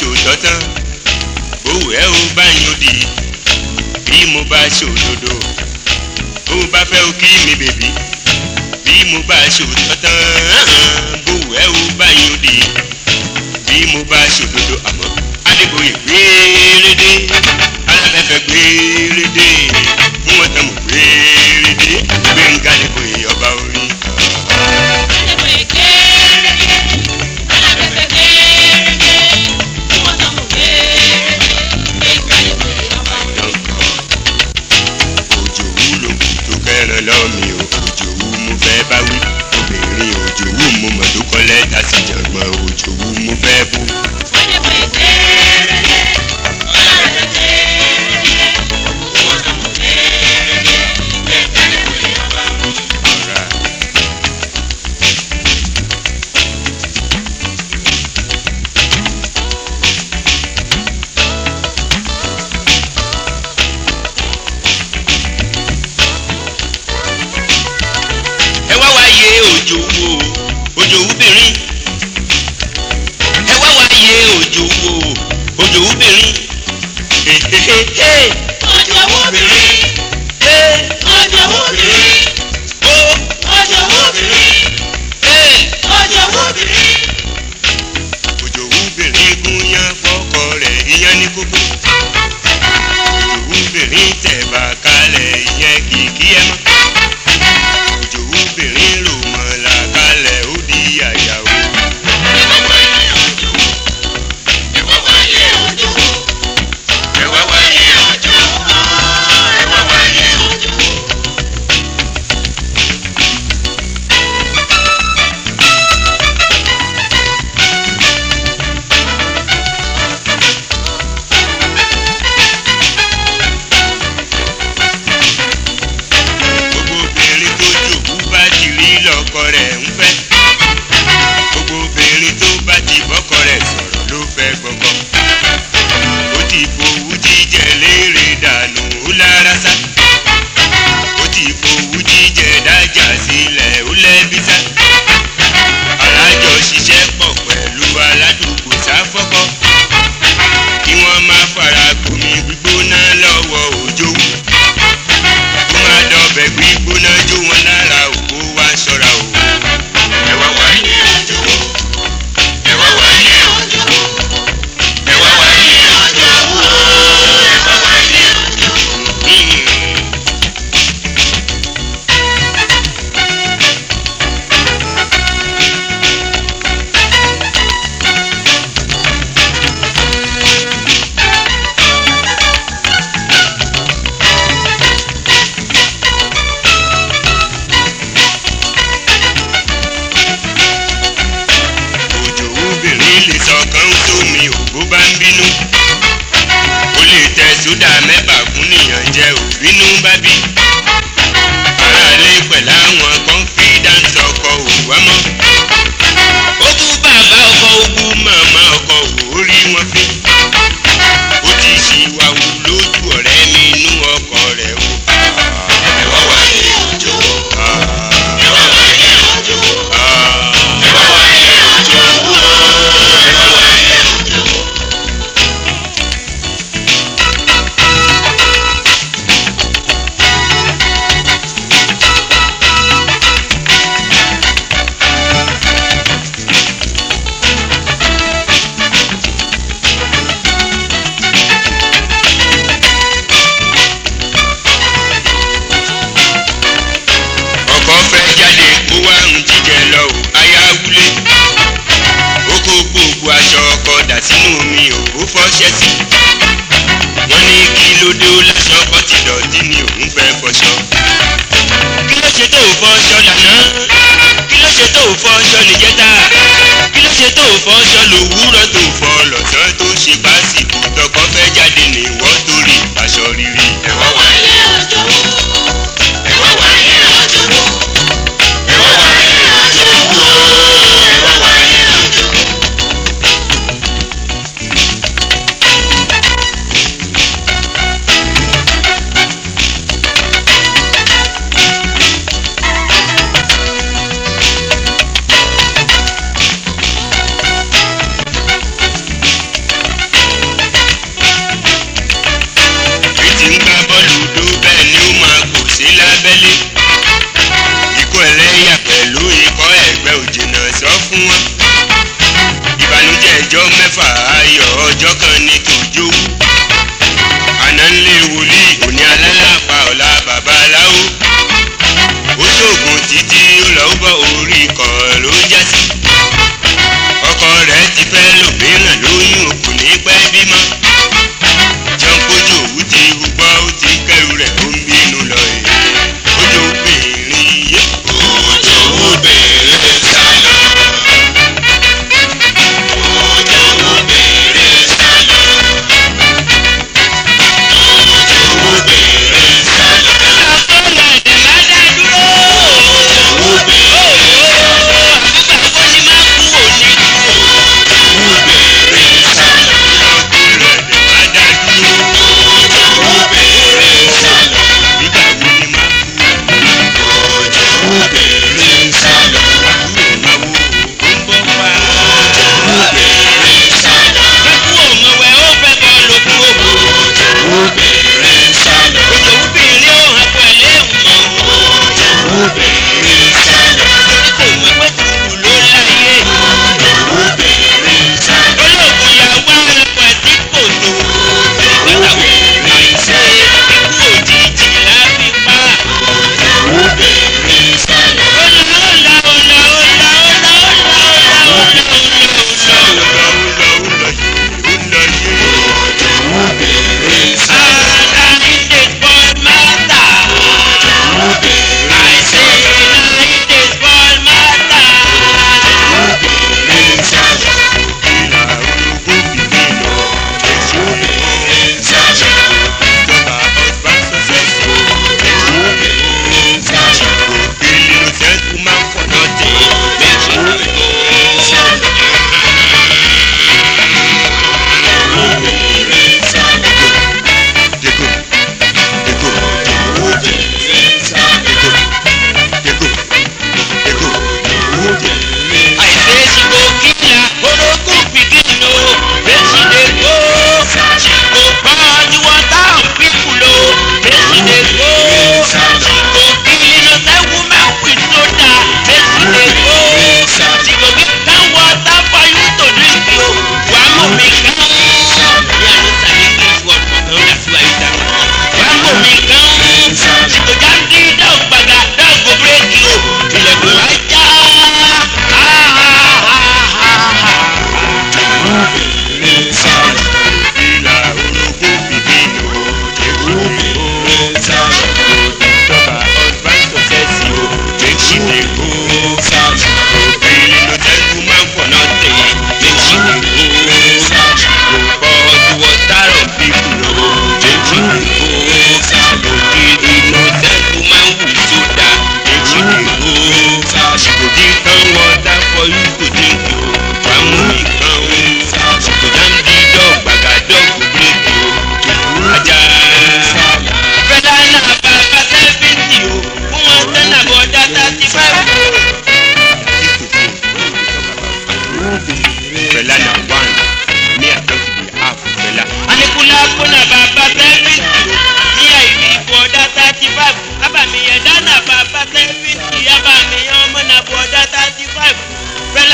ṣòṣọ́tán bówù ẹ ò bá yín ó di bí mo bá ṣòdodo bó bá fẹ́ o kí mi bèbí bí mo bá ṣòṣọ́tán bówù ẹ ò bá yín ó di bí mo bá ṣòdodo àmọ́ adébóyè gbérédé alábẹ́fẹ́ gbérédé mú wọn tán mọ̀ gbérédé gbẹ̀ngà ọba orí. bubu. Ubele tẹ baka. fọṣẹ sí. wọ́n ní kí ló dé ó láṣọ bọ́tì dọ̀tí ni òun fẹ́ fọṣọ. kí ló ṣe tó ò fọṣọ lánàá kí ló ṣe tó ò fọṣọ níjẹta kí ló ṣe tó ò fọṣọ lòwúrọ̀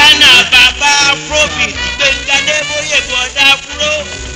lánàá bàbá afrobeat gbẹngàn ẹbọyẹ bọdá afro.